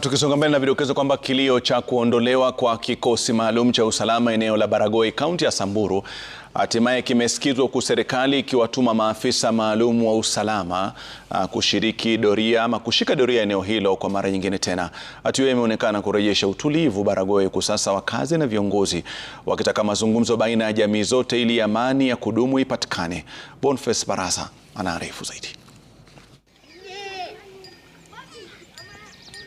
Tukisonga mbele na vidokezo kwamba kilio cha kuondolewa kwa kikosi maalum cha usalama eneo la Baragoi kaunti ya Samburu hatimaye kimesikizwa huku serikali ikiwatuma maafisa maalum wa usalama ah, kushiriki doria ama kushika doria eneo hilo kwa mara nyingine tena. Hatua hiyo imeonekana kurejesha utulivu Baragoi, huku sasa wakazi na viongozi wakitaka mazungumzo baina ya jamii zote ili amani ya kudumu ipatikane. Boniface Barasa anaarifu zaidi.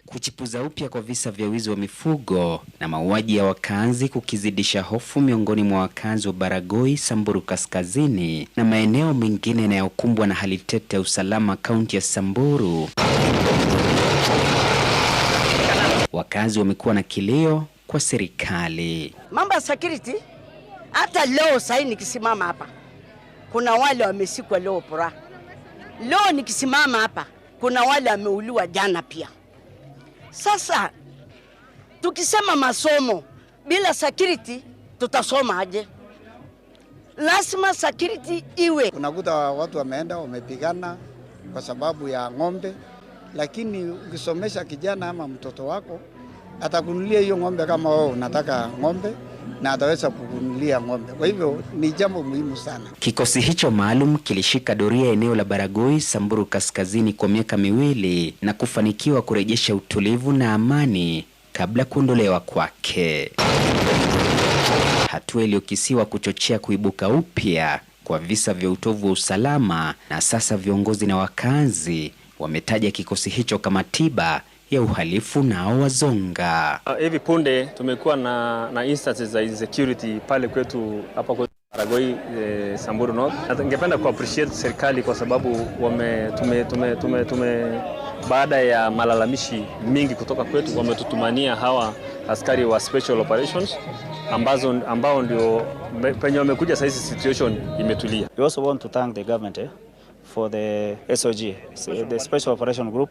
Kuchipuza upya kwa visa vya wizi wa mifugo na mauaji ya wakazi kukizidisha hofu miongoni mwa wakazi wa Baragoi, Samburu Kaskazini na maeneo mengine yanayokumbwa na hali tete ya usalama kaunti ya Samburu. Wakazi wamekuwa na kilio kwa serikali. Mambo ya security, hata leo sahii nikisimama hapa kuna wale wamesikwa leo pora. Leo nikisimama hapa kuna wale wameuliwa jana pia. Sasa tukisema masomo bila security tutasoma aje? Lazima security iwe. Unakuta watu wameenda wamepigana kwa sababu ya ng'ombe, lakini ukisomesha kijana ama mtoto wako atakunulia hiyo ng'ombe kama wewe unataka ng'ombe na ataweza kuvumilia ng'ombe. Kwa hivyo ni jambo muhimu sana. Kikosi hicho maalum kilishika doria eneo la Baragoi, Samburu Kaskazini kwa miaka miwili na kufanikiwa kurejesha utulivu na amani kabla kuondolewa kwake, hatua iliyokisiwa kuchochea kuibuka upya kwa visa vya utovu wa usalama. Na sasa viongozi na wakazi wametaja kikosi hicho kama tiba ya uhalifu na wazonga. Ah, hivi punde tumekuwa na, na instances za insecurity pale kwetu hapa kwetu Karagoi e, eh, Samburu North. Ningependa ku appreciate serikali kwa sababu wame tume, tume, tume, tume baada ya malalamishi mingi kutoka kwetu wametutumania hawa askari wa special operations ambazo ambao ndio penye wamekuja sasa, hizi situation imetulia. We also want to thank the government eh, for the SOG, the special operation group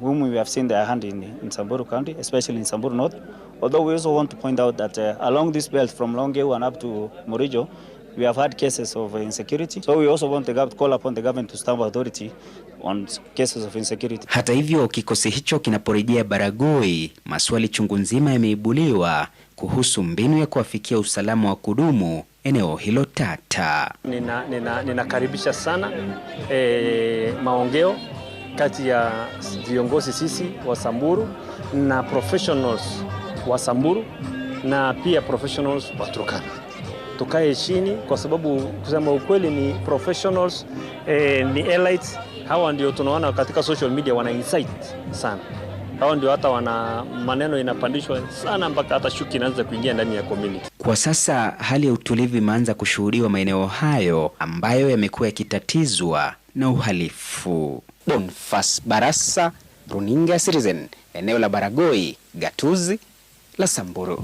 whom we have seen their hand in, in Samburu County, especially in Samburu North. Although we also want to point out that uh, along this belt from Longeu and up to Morijo, we have had cases of insecurity. So we also want to call upon the government to stamp authority on cases of insecurity. Hata hivyo, kikosi hicho kinaporejea Baragoi, maswali chungu nzima yameibuliwa kuhusu mbinu ya kuafikia usalama wa kudumu eneo hilo tata. Ninakaribisha nina, nina sana e, maongeo kati ya viongozi sisi wa Samburu na professionals wa Samburu na pia professionals wa Turkana. Tukae chini, kwa sababu kusema ukweli ni professionals eh, ni elites Hawa ndio tunaona katika social media wana insight sana hawa ndio hata wana maneno inapandishwa sana mpaka hata shuki inaanza kuingia ndani ya community. Kwa sasa hali ya utulivu imeanza kushuhudiwa maeneo hayo ambayo yamekuwa yakitatizwa na uhalifu. Bonfas Barasa, runinga Citizen, eneo la Baragoi, gatuzi la Samburu.